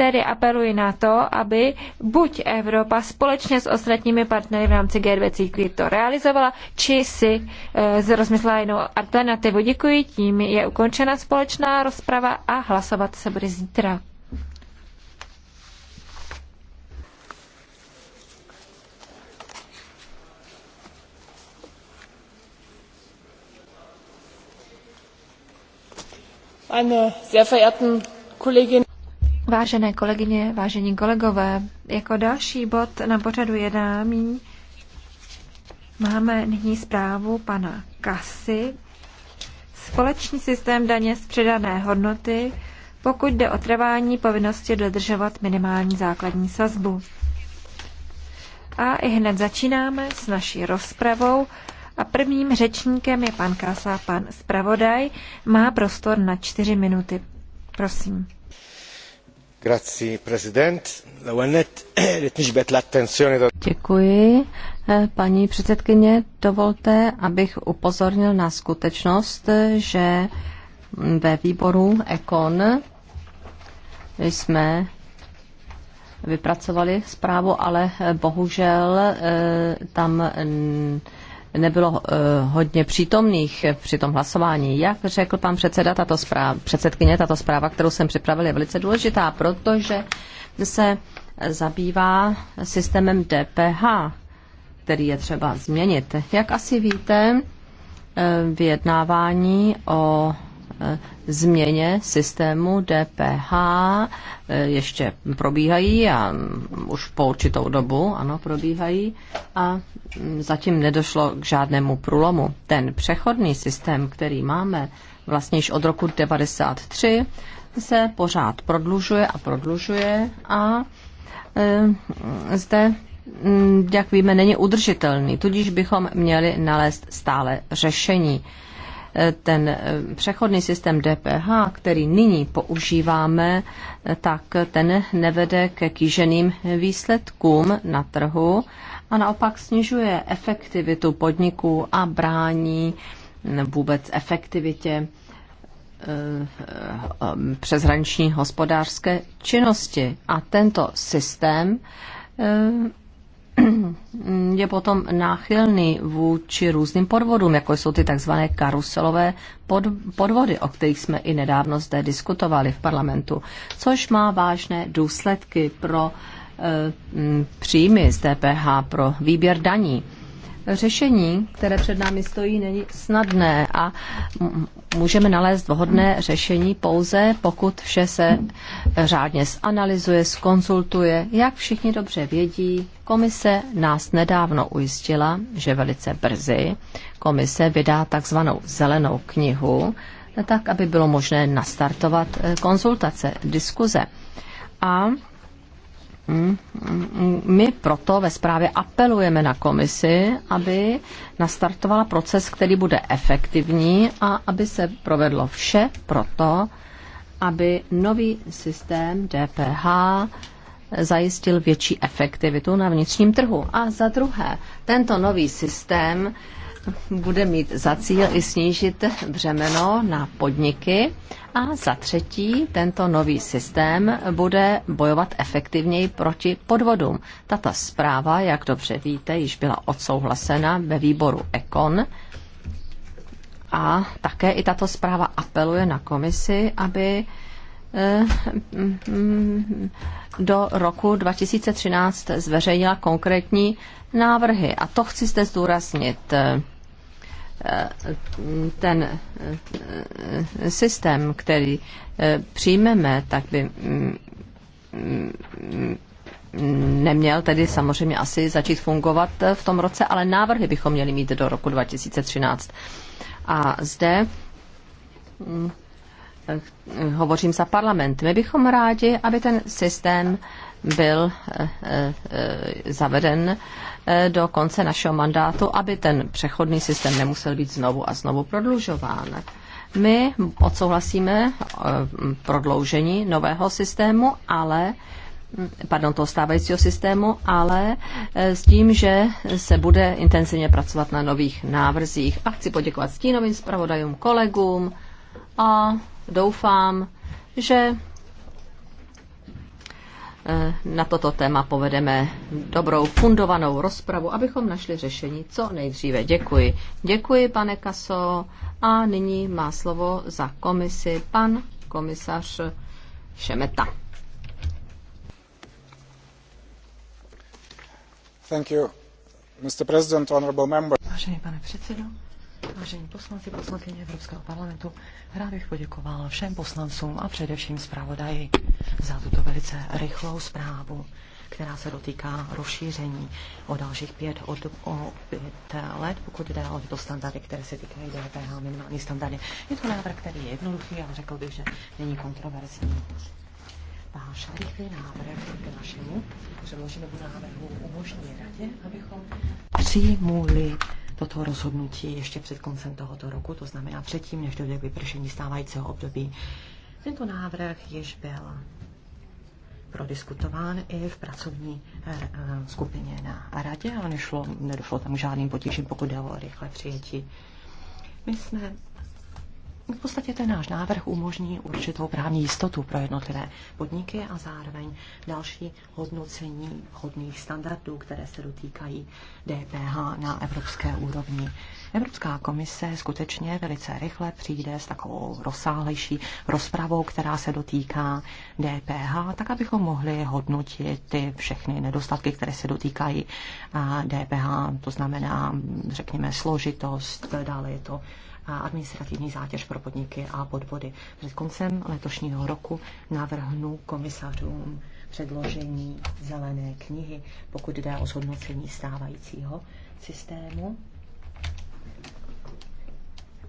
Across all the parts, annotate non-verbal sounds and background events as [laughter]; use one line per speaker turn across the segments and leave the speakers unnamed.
Tedy apeluji na to, aby buď Evropa společně s ostatními partnery v rámci G20 to realizovala, či si e, rozmyslela jinou alternativu. Děkuji, tím je ukončena společná rozprava a hlasovat se bude zítra.
meine sehr verehrten kolleginnen
Vážené kolegyně, vážení kolegové, jako další bod na pořadu jednání máme nyní zprávu pana Kasy. Společný systém daně z přidané hodnoty, pokud jde o trvání povinnosti dodržovat minimální základní sazbu. A i hned začínáme s naší rozpravou. A prvním řečníkem je pan Kasa, pan zpravodaj. Má prostor na čtyři minuty. Prosím. Eh, Děkuji, eh, paní předsedkyně. Dovolte, abych upozornil na skutečnost, že ve výboru ECON jsme vypracovali zprávu, ale bohužel eh, tam nebylo eh, hodně přítomných při tom hlasování. Jak řekl pan předseda, tato zpráv, předsedkyně, tato zpráva, kterou jsem připravil, je velice důležitá, protože se zabývá systémem DPH, který je třeba změnit. Jak asi víte, eh, vyjednávání o Eh, změně systému DPH eh, ještě probíhají a mm, už po určitou dobu, ano, probíhají a mm, zatím nedošlo k žádnému průlomu. Ten přechodný systém, který máme vlastně již od roku 1993, se pořád prodlužuje a prodlužuje a e, zde mm, jak víme, není udržitelný, tudíž bychom měli nalézt stále řešení ten eh, přechodný systém DPH, který nyní používáme, eh, tak ten nevede ke kýženým výsledkům na trhu a naopak snižuje efektivitu podniků a brání eh, vůbec efektivitě přeshraniční hospodářské činnosti. A tento systém je potom náchylný vůči různým podvodům, jako jsou ty takzvané karuselové pod, podvody, o kterých jsme i nedávno zde diskutovali v parlamentu, což má vážné důsledky pro e, příjmy z DPH, pro výběr daní. E, řešení, které před námi stojí, není snadné a můžeme nalézt vhodné řešení pouze, pokud vše se řádně zanalizuje, skonzultuje. Jak všichni dobře vědí, komise nás nedávno ujistila, že velice brzy komise vydá takzvanou zelenou knihu, tak, aby bylo možné nastartovat eh, konzultace, diskuze. A my proto ve zprávě apelujeme na komisi, aby nastartovala proces, který bude efektivní a aby se provedlo vše proto, aby nový systém DPH zajistil větší efektivitu na vnitřním trhu. A za druhé, tento nový systém bude mít za cíl i snížit břemeno na podniky a za třetí tento nový systém bude bojovat efektivněji proti podvodům. Tato zpráva, jak dobře víte, již byla odsouhlasena ve výboru ECON a také i tato zpráva apeluje na komisi, aby eh, mm, do roku 2013 zveřejnila konkrétní návrhy. A to chci zde zdůraznit ten eh, systém, který eh, přijmeme, tak by mm, mm, neměl tedy samozřejmě asi začít fungovat eh, v tom roce, ale návrhy bychom měli mít do roku 2013. A zde mm, hovořím za parlament. My bychom rádi, aby ten systém byl eh, eh, zaveden eh, do konce našeho mandátu, aby ten přechodný systém nemusel být znovu a znovu prodlužován. My odsouhlasíme prodloužení nového systému, ale hm, pardon, toho stávajícího systému, ale s tím, že se bude intenzivně pracovat na nových návrzích. A chci poděkovat stínovým zpravodajům, kolegům a doufám, že Eh, na toto téma povedeme dobrou fundovanou rozpravu, abychom našli řešení co nejdříve. Děkuji. Děkuji, pane Kaso. A nyní má slovo za komisi pan komisař Šemeta.
Thank you,
Mr. President, honorable members. Vážený pane předsedo, Vážení poslanci, poslankyně Evropského parlamentu, rád bych poděkoval všem poslancům a především zpravodaji za tuto velice rychlou zprávu, která se dotýká rozšíření o dalších pět, od, o pět let, pokud jde o tyto standardy, které se týkají DPH, minimální standardy. Je to návrh, který je jednoduchý, ale řekl bych, že není kontroverzní váš rychlý návrh k našemu předloženému návrhu umožní radě, abychom přijmuli toto rozhodnutí ještě před koncem tohoto roku, to znamená předtím, než dojde k vypršení stávajícího období. Tento návrh již byl prodiskutován i v pracovní eh, eh, skupině na radě a nešlo, nedošlo tam žádným potížím, pokud jde o rychlé přijetí. My jsme v podstatě ten náš návrh umožní určitou právní jistotu pro jednotlivé podniky a zároveň další hodnocení hodných standardů, které se dotýkají DPH na evropské úrovni. Evropská komise skutečně velice rychle přijde s takovou rozsáhlejší rozpravou, která se dotýká DPH, tak abychom mohli hodnotit ty všechny nedostatky, které se dotýkají DPH, to znamená, řekněme, složitost, dále je to administrativní zátěž pro podniky a podvody. Před koncem letošního roku navrhnu komisařům předložení zelené knihy, pokud jde o zhodnocení stávajícího systému.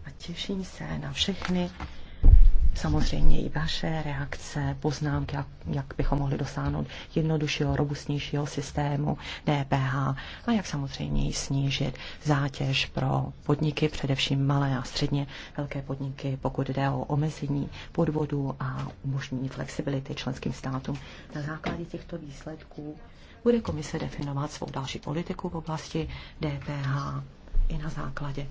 A těším se na všechny samozřejmě i vaše reakce, poznámky, jak, jak bychom mohli dosáhnout jednoduššího, robustnějšího systému DPH a jak samozřejmě i snížit zátěž pro podniky, především malé a středně velké podniky, pokud jde o omezení podvodu a umožnění flexibility členským státům. Na základě těchto výsledků bude komise definovat svou další politiku v oblasti DPH i na základě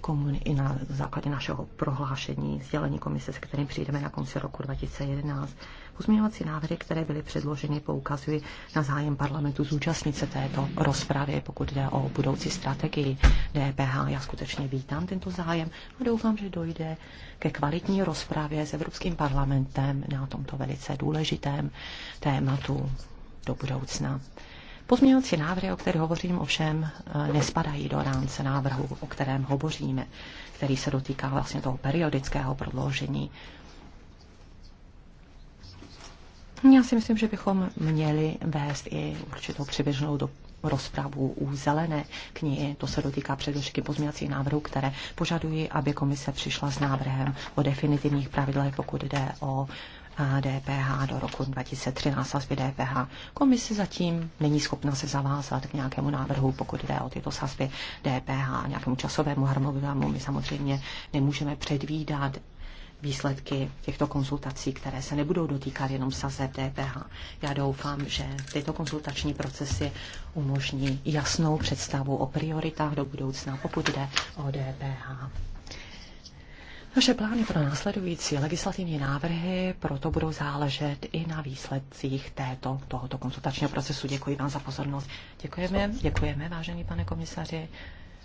komuni- i na základě našeho prohlášení sdělení komise, se kterým přijdeme na konci roku 2011. Pozměňovací návrhy, které byly předloženy, poukazují na zájem parlamentu zúčastnit se této rozpravy, pokud jde o budoucí strategii DPH. Já skutečně vítám tento zájem a doufám, že dojde ke kvalitní rozpravě s Evropským parlamentem na tomto velice důležitém tématu do budoucna. Pozměňovací návrhy, o kterých hovořím, ovšem eh, nespadají do rámce návrhu, o kterém hovoříme, který se dotýká vlastně toho periodického prodloužení. Já si myslím, že bychom měli vést i určitou přibližnou do rozpravu u zelené knihy. To se dotýká především pozměňovacích návrhů, které požadují, aby komise přišla s návrhem o definitivních pravidlech, pokud jde o DPH do roku 2013 sazby DPH. Komise zatím není schopna se zavázat k nějakému návrhu, pokud jde o tyto sazby DPH, nějakému časovému harmonogramu. My samozřejmě nemůžeme předvídat výsledky těchto konzultací, které se nebudou dotýkat jenom sazeb DPH. Já doufám, že tyto konzultační procesy umožní jasnou představu o prioritách do budoucna, pokud jde o DPH. Naše plány pro následující legislativní návrhy proto budou záležet i na výsledcích této, tohoto konzultačního procesu. Děkuji vám za pozornost. Děkujeme, děkujeme, vážený pane komisaři.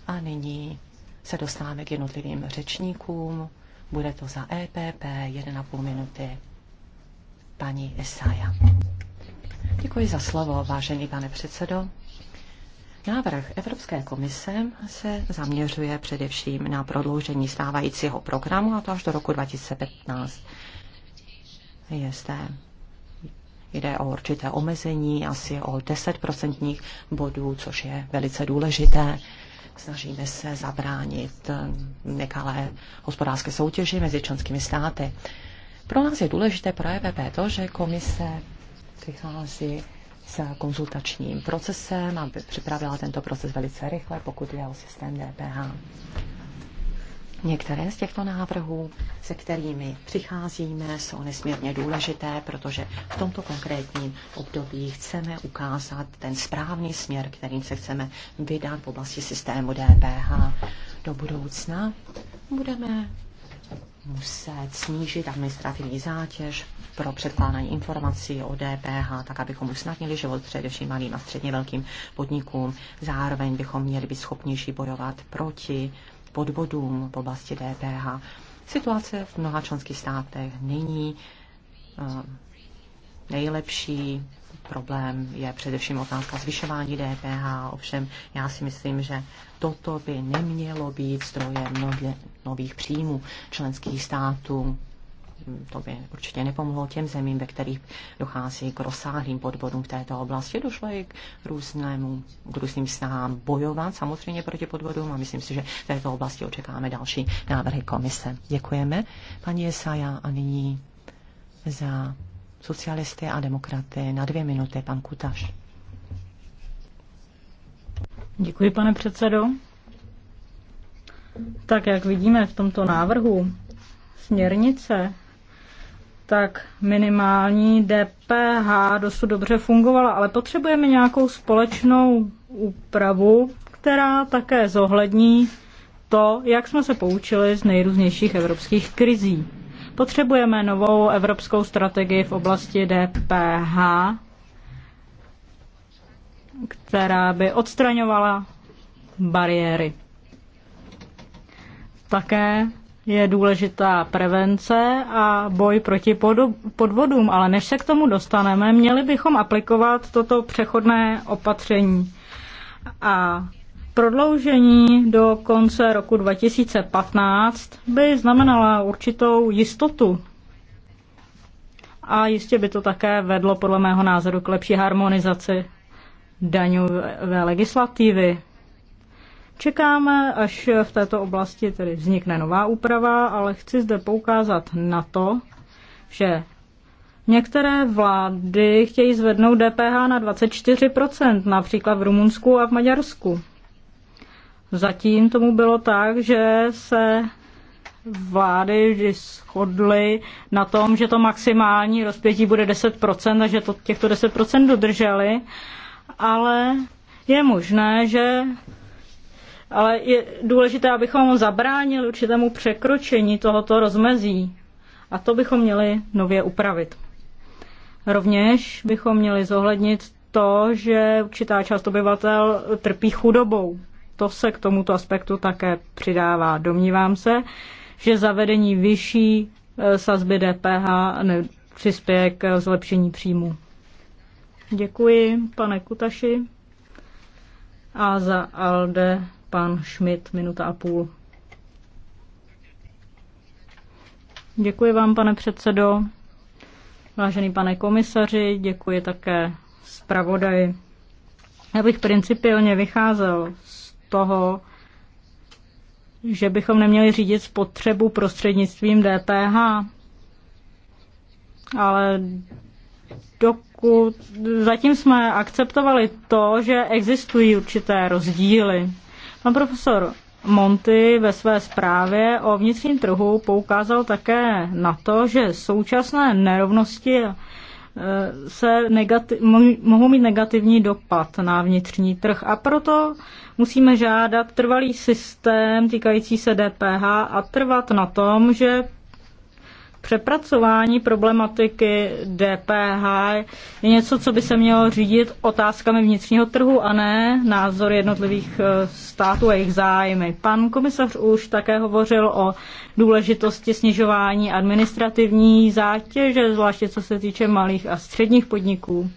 A nyní se dostáváme k jednotlivým řečníkům. Bude to za EPP 1,5 minuty. Paní Esaja. Děkuji za slovo, vážený pane předsedo. Návrh Evropské komise se zaměřuje především na prodloužení stávajícího programu, a to až do roku 2015. Je zde Jde o určité omezení, asi o 10% bodů, což je velice důležité. Snažíme se zabránit um, nekalé hospodářské soutěži mezi členskými státy. Pro nás je důležité pro EPP to, že komise přichází s konzultačním procesem, aby připravila tento proces velice rychle, pokud je o systém DPH. Některé z těchto návrhů, se kterými přicházíme, jsou nesmírně důležité, protože v tomto konkrétním období chceme ukázat ten správný směr, kterým se chceme vydat v oblasti systému DPH do budoucna. Budeme muset snížit administrativní zátěž pro předkládání informací o DPH, tak abychom usnadnili život především malým a středně velkým podnikům. Zároveň bychom měli být schopnější bojovat proti podvodům v oblasti DPH. Situace v mnoha členských státech není eh, nejlepší. Problém je především otázka zvyšování DPH, ovšem já si myslím, že toto by nemělo být zdrojem nově, nových příjmů členských států. To by určitě nepomohlo těm zemím, ve kterých dochází k rozsáhlým podvodům v této oblasti. Došlo i k, různému, k různým snahám bojovat samozřejmě proti podvodům a myslím si, že v této oblasti očekáme další návrhy komise. Děkujeme, paní Jesaja, a nyní za socialisty a demokraté. Na dvě minuty, pan Kutaš. Děkuji, pane
předsedo. Tak jak vidíme v tomto návrhu směrnice, tak minimální DPH dosud dobře fungovala, ale potřebujeme nějakou společnou úpravu, která také zohlední to, jak jsme se poučili z nejrůznějších evropských krizí. Potřebujeme novou evropskou strategii v oblasti DPH, která by odstraňovala bariéry. Také je důležitá prevence a boj proti podvodům, ale než se k tomu dostaneme, měli bychom aplikovat toto přechodné opatření. A prodloužení do konce roku 2015 by znamenala určitou jistotu. A jistě by to také vedlo, podle mého názoru, k lepší harmonizaci daňové legislativy. Čekáme, až v této oblasti tedy vznikne nová úprava, ale chci zde poukázat na to, že některé vlády chtějí zvednout DPH na 24%, například v Rumunsku a v Maďarsku. Zatím tomu bylo tak, že se vlády vždy shodly na tom, že to maximální rozpětí bude 10% a že to, těchto 10% dodrželi, ale je možné, že ale je důležité, abychom zabránili určitému překročení tohoto rozmezí. A to bychom měli nově upravit. Rovněž bychom měli zohlednit to, že určitá část obyvatel trpí chudobou to se k tomuto aspektu také přidává. Domnívám se, že zavedení vyšší e, sazby DPH přispěje k zlepšení příjmu. Děkuji, pane Kutaši. A za ALDE pan Schmidt, minuta a půl. Děkuji vám, pane předsedo. Vážený pane komisaři, děkuji také zpravodaji. Já bych principiálně vycházel z toho, že bychom neměli řídit spotřebu prostřednictvím DPH. Ale dokud zatím jsme akceptovali to, že existují určité rozdíly. Pan profesor Monty ve své zprávě o vnitřním trhu poukázal také na to, že současné nerovnosti se negati- mohou mít negativní dopad na vnitřní trh a proto musíme žádat trvalý systém týkající se DPH a trvat na tom, že přepracování problematiky DPH je něco, co by se mělo řídit otázkami vnitřního trhu a ne názor jednotlivých eh, států a jejich zájmy. Pan komisař už také hovořil o důležitosti snižování administrativní zátěže, zvláště co se týče malých a středních podniků.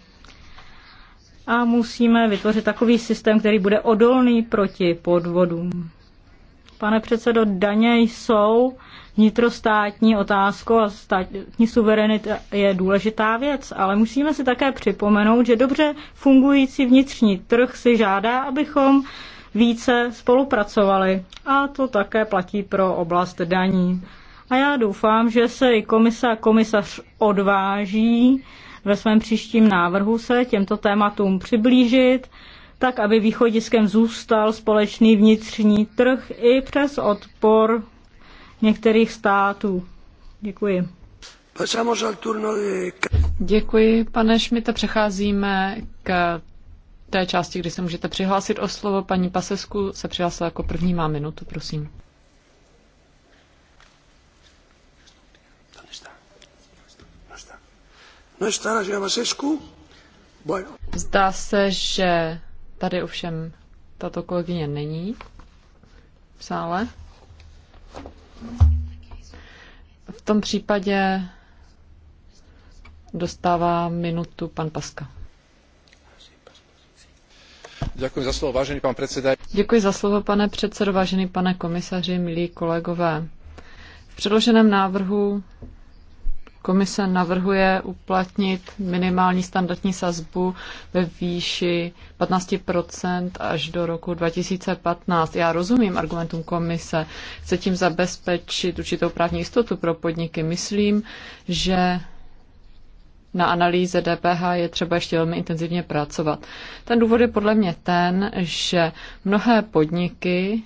A musíme vytvořit takový systém, který bude odolný proti podvodům. Pane předsedo, daně jsou vnitrostátní otázkou a státní suverenita je důležitá věc, ale musíme si také připomenout, že dobře fungující vnitřní trh si žádá, abychom více spolupracovali. A to také platí pro oblast daní. A já doufám, že se i komisa a komisař odváží ve svém příštím návrhu se těmto tématům přiblížit, tak aby východiskem zůstal společný vnitřní trh i přes odpor některých států. Děkuji. Děkuji, pane Šmita.
Přecházíme k té části, kdy se můžete přihlásit o slovo. Paní Pasesku se přihlásila jako první, má minutu, prosím. No ¿No Zdá se, že tady ovšem tato kolegyně není v sále. V tom případě dostává minutu pan Paska.
Děkuji za slovo, vážený pan předseda.
Děkuji za slovo, pane předsedo, vážený pane komisaři, milí kolegové. V předloženém návrhu Komise navrhuje uplatnit minimální standardní sazbu ve výši 15 až do roku 2015. Já rozumím argumentům komise. Chce tím zabezpečit určitou právní jistotu pro podniky. Myslím, že na analýze DPH je třeba ještě velmi intenzivně pracovat. Ten důvod je podle mě ten, že mnohé podniky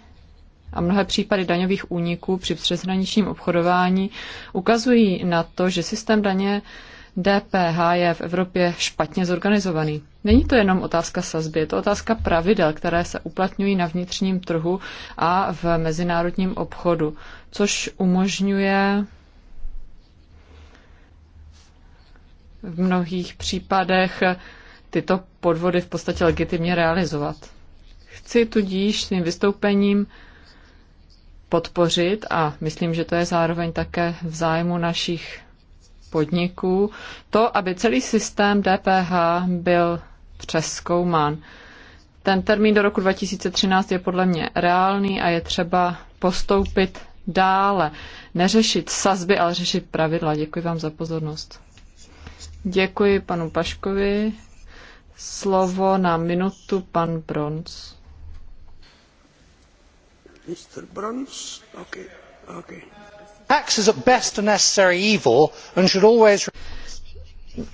a mnohé případy daňových úniků při přeshraničním obchodování ukazují na to, že systém daně DPH je v Evropě špatně zorganizovaný. Není to jenom otázka sazby, je to otázka pravidel, které se uplatňují na vnitřním trhu a v mezinárodním obchodu, což umožňuje v mnohých případech tyto podvody v podstatě legitimně realizovat. Chci tudíž svým vystoupením podpořit a myslím, že to je zároveň také v zájmu našich podniků, to, aby celý systém DPH byl přeskoumán. Ten termín do roku 2013 je podle mě reálný a je třeba postoupit dále. Neřešit sazby, ale řešit pravidla. Děkuji vám za pozornost. Děkuji panu Paškovi. Slovo na minutu pan Bronz tax is at best a necessary evil and should always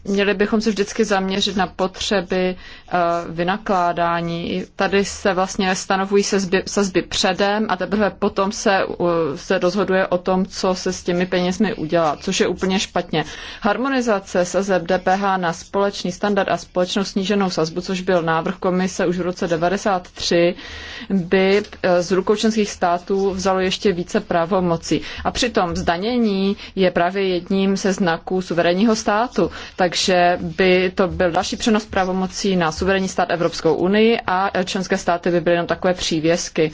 měli bychom se vždycky zaměřit na potřeby eh, vynakládání. Tady se vlastně stanovují sazby, sazby předem a teprve potom se, se rozhoduje o tom, co se s těmi penězmi udělá, což je úplně špatně. Harmonizace sazeb DPH na společný standard a společnou sníženou sazbu, což byl návrh komise už v roce 93, by eh, z rukou členských států vzalo ještě více právomocí. A přitom zdanění je právě jedním ze znaků suverénního státu. Takže by to byl další přenos pravomocí na suverénní stát Evropskou unii a členské státy by byly jenom takové přívěsky.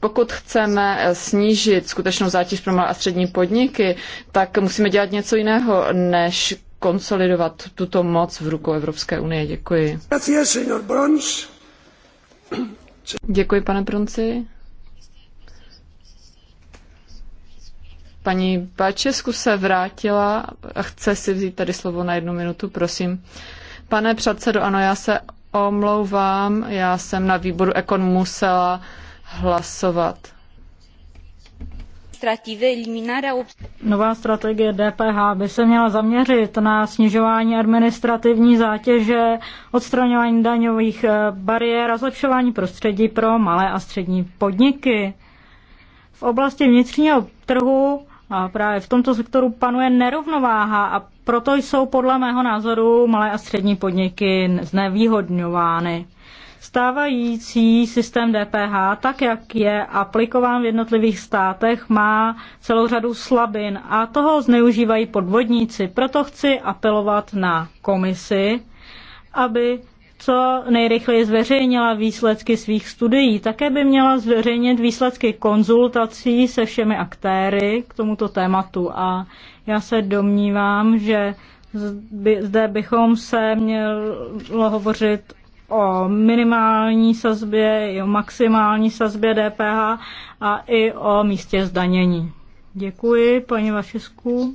Pokud chceme snížit skutečnou zátěž pro malé a střední podniky, tak musíme dělat něco jiného, než konsolidovat tuto moc v rukou Evropské unie. Děkuji. Děkuji, pane Bronci. Paní Bačesku se vrátila a chce si vzít tady slovo na jednu minutu, prosím. Pane předsedo, ano, já se omlouvám, já jsem na výboru Ekon musela
hlasovat. Nová strategie DPH by se měla zaměřit na snižování administrativní zátěže, odstraňování daňových eh, bariér a zlepšování prostředí pro malé a střední podniky. V oblasti vnitřního trhu a právě v tomto sektoru panuje nerovnováha a proto jsou podle mého názoru malé a střední podniky znevýhodňovány. Stávající systém DPH, tak jak je aplikován v jednotlivých státech, má celou řadu slabin a toho zneužívají podvodníci. Proto chci apelovat na komisi, aby co nejrychleji zveřejnila výsledky svých studií. Také by měla zveřejnit výsledky konzultací se všemi aktéry k tomuto tématu a já se domnívám, že zde bychom se mělo hovořit o minimální sazbě, i o maximální sazbě DPH a i o místě zdanění. Děkuji, paní Vašesku.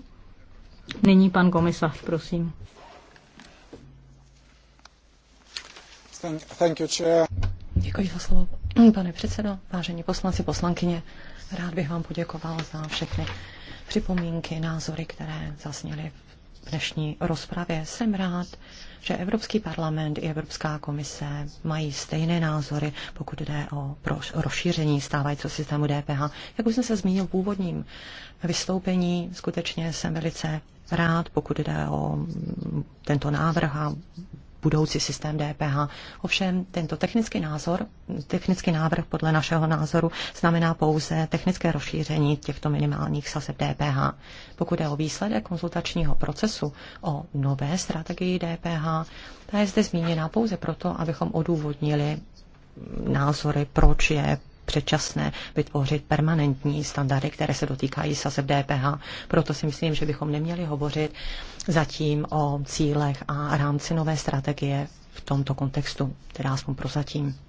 Nyní pan komisař, prosím. Děkuji za slovo, [clears throat]
pane předsedo, vážení poslanci, poslankyně. Rád bych vám poděkoval za všechny připomínky, názory, které zazněly v dnešní rozpravě. Jsem rád, že Evropský parlament i Evropská komise mají stejné názory, pokud jde o rozšíření stávajícího systému DPH. Jak už jsem se zmínil v původním vystoupení, skutečně jsem velice rád, pokud jde o tento návrh a budoucí systém DPH. Ovšem tento technický názor, technický návrh podle našeho názoru znamená pouze technické rozšíření těchto minimálních sazeb DPH. Pokud je o výsledek konzultačního procesu o nové strategii DPH, ta je zde zmíněna pouze proto, abychom odůvodnili názory, proč je předčasné vytvořit permanentní standardy, které se dotýkají sazeb DPH. Proto si myslím, že bychom neměli hovořit zatím o cílech a rámci nové strategie v tomto kontextu, teda aspoň prozatím.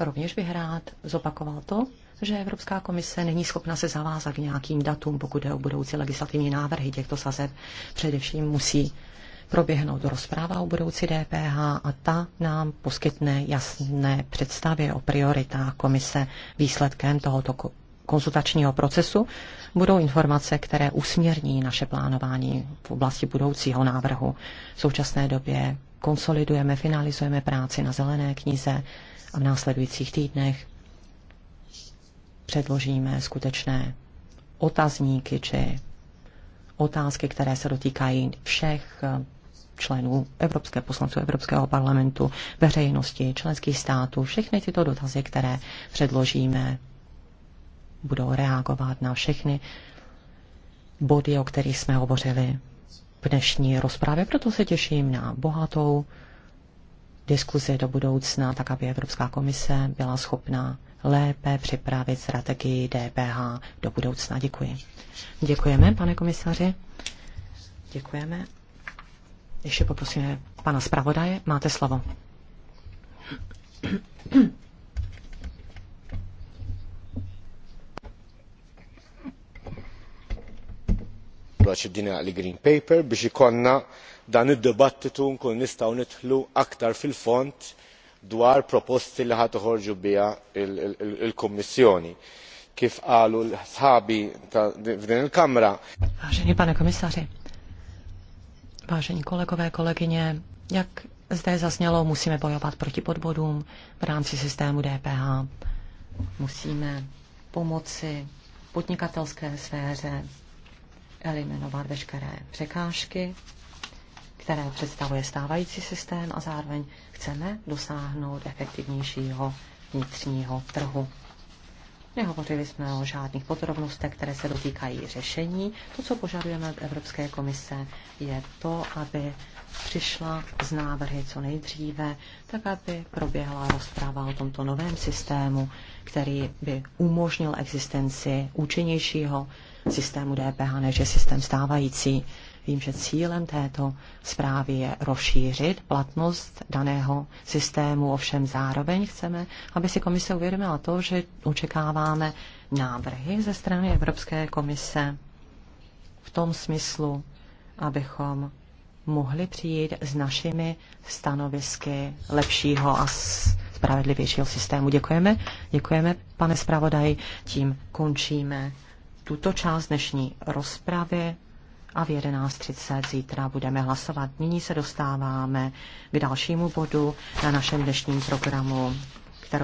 Rovněž bych rád zopakoval to, že Evropská komise není schopna se zavázat k nějakým datům, pokud je o budoucí legislativní návrhy těchto sazeb. Především musí proběhnout rozpráva o budoucí DPH a ta nám poskytne jasné představy o prioritách komise. Výsledkem tohoto konzultačního procesu budou informace, které usměrní naše plánování v oblasti budoucího návrhu. V současné době konsolidujeme, finalizujeme práci na zelené knize a v následujících týdnech předložíme skutečné otazníky či otázky, které se dotýkají všech členů Evropské poslanců Evropského parlamentu, veřejnosti, členských států. Všechny tyto dotazy, které předložíme, budou reagovat na všechny body, o kterých jsme hovořili v dnešní rozprávě. Proto se těším na bohatou diskuzi do budoucna, tak aby Evropská komise byla schopná lépe připravit strategii DPH do budoucna. Děkuji. Děkujeme, pane komisaři. Děkujeme. Ještě poprosíme pana zpravodaje. Máte slovo.
proċedina li Green Paper biex ikonna dan id-dibattitu nkun nistgħu nidħlu aktar fil-font dwar proposti li ħad toħorġu biha il-Kummissjoni. Kif qalu sħabi f'din il-Kamra.
Vážený pane komisaři, Vážení kolegové, kolegyně, jak zde zaznělo, musíme bojovat proti podvodům v rámci systému DPH. Musíme pomoci podnikatelské sféře eliminovat veškeré překážky, které představuje stávající systém a zároveň chceme dosáhnout efektivnějšího vnitřního trhu. Nehovořili jsme o žádných podrobnostech, které se dotýkají řešení. To, co požadujeme od Evropské komise, je to, aby přišla z návrhy co nejdříve, tak aby proběhla rozprava o tomto novém systému, který by umožnil existenci účinnějšího systému DPH než je systém stávající. Vím, že cílem této zprávy je rozšířit platnost daného systému, ovšem zároveň chceme, aby si komise uvědomila to, že očekáváme návrhy ze strany Evropské komise v tom smyslu, abychom mohli přijít s našimi stanovisky lepšího a spravedlivějšího systému. Děkujeme, děkujeme, pane zpravodaj, tím končíme tuto část dnešní rozpravy a v 11.30 zítra budeme hlasovat. Nyní se dostáváme k dalšímu bodu na našem dnešním programu.